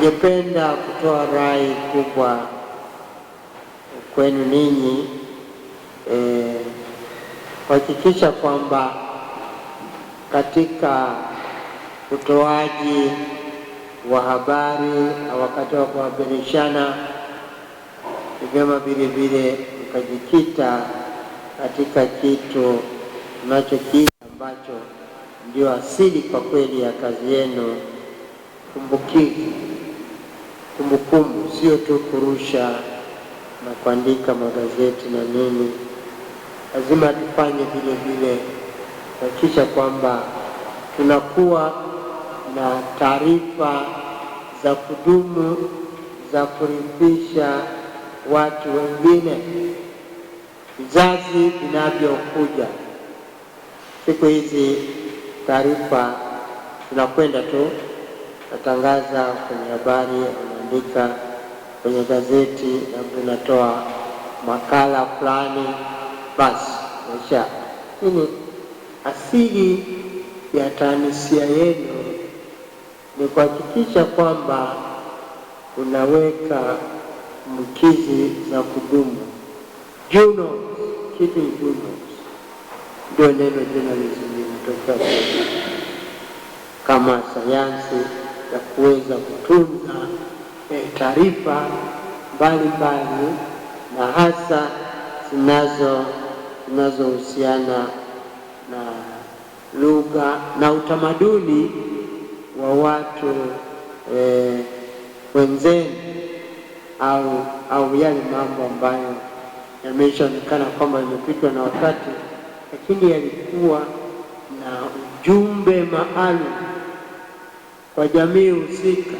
Ningependa kutoa rai kubwa kwenu ninyi eh, kuhakikisha kwamba katika utoaji wa habari wakati wa kuhabarishana, ni vyema vilevile ukajikita katika kitu unachokiita ambacho ndio asili kwa kweli ya kazi yenu kumbukizi kumbukumbu, sio tu kurusha na kuandika magazeti na nini. Lazima tufanye vile vile kuhakikisha kwamba tunakuwa na taarifa za kudumu za kuridhisha watu wengine, vizazi vinavyokuja. Siku hizi taarifa tunakwenda tu natangaza kwenye habari, anaandika kwenye gazeti, labda natoa makala fulani, basi maisha ini. Asili ya taanisia yenu ni kuhakikisha kwamba unaweka mkizi za kudumu Juno, kitu Juno ndio neno jina linatokea kama sayansi ya kuweza kutunza eh, taarifa mbalimbali na hasa zinazo zinazohusiana na lugha na utamaduni wa watu eh, wenzenu au, au yale mambo ambayo yameshaonekana kwamba yamepitwa na wakati, lakini yalikuwa na ujumbe maalum kwa jamii husika.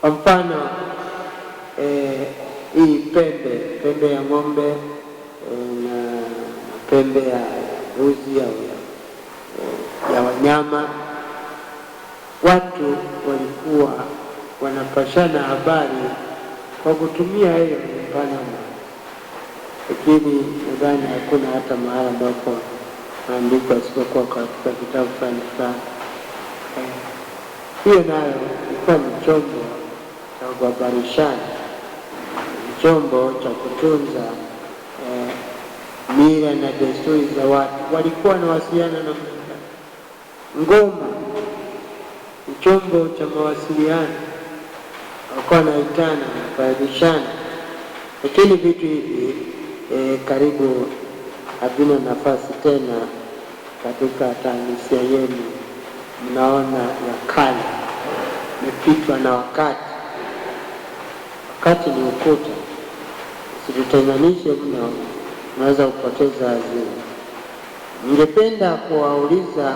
Kwa mfano eh, hii pembe pembe ya ng'ombe eh, na pembe ya mbuzi ya, eh, ya wanyama, watu walikuwa wanapashana habari kwa kutumia hiyo mfano, lakini nadhani hakuna hata mahala ambapo maandiko asipokuwa katika vitabu fulani fulani hiyo nayo ilikuwa ni chombo cha ubabarishaji, ni chombo cha kutunza eh, mila na desturi za watu. Walikuwa wanawasiliana na Ngoma ni chombo cha mawasiliano, walikuwa wanaitana, wanakaribishana, lakini vitu hivi eh, karibu havina nafasi tena katika tanisia yenu. Mnaona ya kale imepitwa na wakati. Wakati ni ukuta, usitutenganishe mno, unaweza kupoteza azimu. Ningependa kuwauliza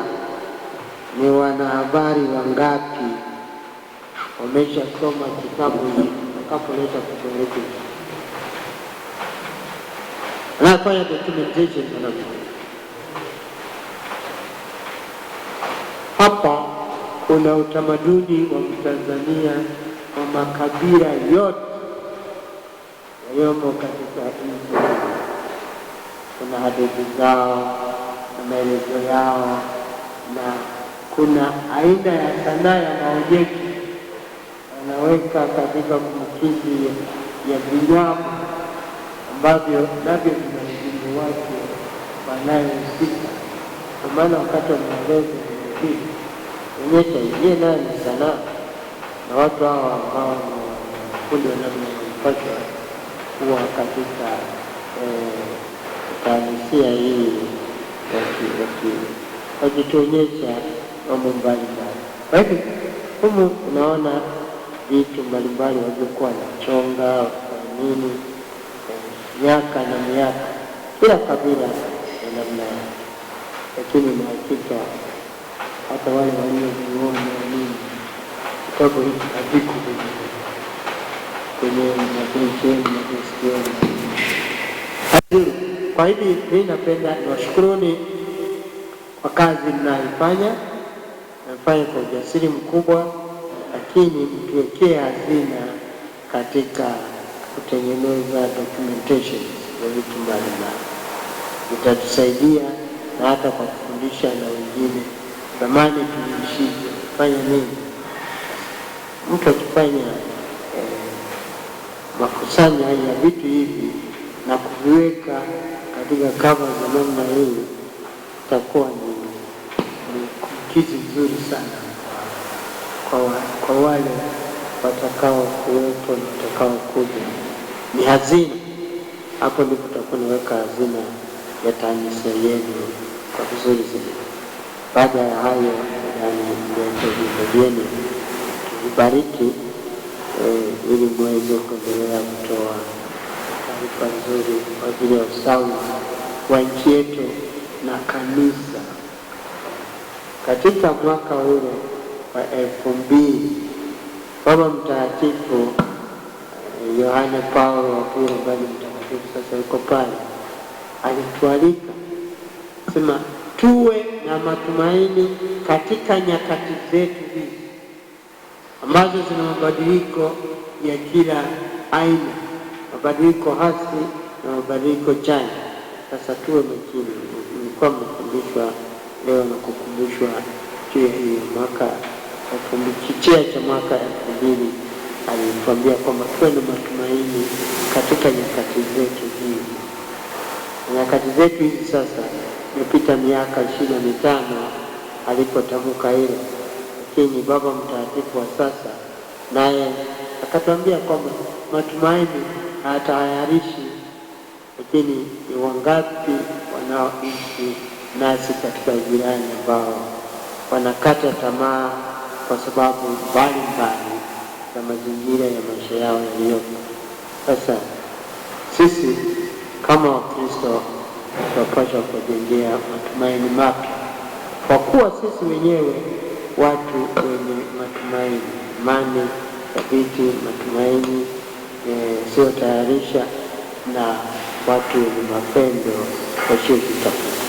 ni wanahabari wangapi wameshasoma kitabu hiki watakapoleta kuchunguza anafanya documentation Hapa kuna utamaduni wa Mtanzania wa makabila yote yaliyomo katika nchi. Kuna hadithi zao na maelezo yao, na kuna aina ya sanaa ya maonyesho wanaweka katika kumbukizi ya vinyago ambavyo navyo vina ujumbe wake wanayohusika. Kwa maana wakati wa maelezo hii yenyewe taijie nayo ni sanaa, na watu hawa ambao mafundi wa namna kuwa katika eh, taanisia hii wakituonyesha mambo mbalimbali. Kwa hivyo humu unaona vitu mbalimbali walivyokuwa wanachonga nini, miaka na miaka, kila kabila na namna lakini na hakika hata wale walioviona nini kutoka hiki haviku kwenye mapensheni na Kwa hivi mimi napenda niwashukuruni kwa kazi mnayoifanya, mnafanya kwa ujasiri mkubwa, lakini mtuwekee hazina katika kutengeneza documentation ya vitu mbalimbali, itatusaidia na hata kwa kufundisha na wengine zamani tuliishije, kufanya nini? Mtu akifanya eh, makusanyo ya vitu hivi na kuviweka katika kava za namna hii, itakuwa ni, ni kumbukizi nzuri sana kwa, kwa wale watakao kuwepo na watakao kuja. Ni hazina, hapo ndipo takuwa naweka hazina ya TAMISEMI yenu kwa vizuri zaidi. Baada ya hayo, yani jeni tubariki eh, ili muweze kuendelea kutoa taarifa nzuri kwa ajili ya usawa wa nchi yetu na kanisa katika mwaka ule wa elfu mbili. Baba Mtakatifu eh, Yohane Paulo wa pili, ni mtakatifu sasa yuko pale, alitualika sema tuwe na matumaini katika nyakati zetu hizi ambazo zina mabadiliko ya kila aina, mabadiliko hasi na mabadiliko chanya. Sasa tuwe makini. Nilikuwa mmekumbushwa leo na kukumbushwa juu ya hiyo mwaka kichea cha mwaka elfu mbili alituambia kwamba tuwe na matumaini katika nyakati zetu hizi, nyakati zetu hizi sasa imepita miaka ishirini na mitano alipotamka hilo, lakini baba mtakatifu wa sasa naye akatuambia kwamba matumaini hayatahayarishi, lakini ni wangapi wanaoishi nasi katika jirani ambao wanakata tamaa kwa sababu mbalimbali za mazingira ya maisha yao yaliyopo. Sasa sisi kama Wakristo tunapaswa kujengea matumaini mapya, kwa kuwa sisi wenyewe watu wenye matumaini, imani thabiti, matumaini isiyotayarisha eh, e, na watu wenye mapendo, washiriki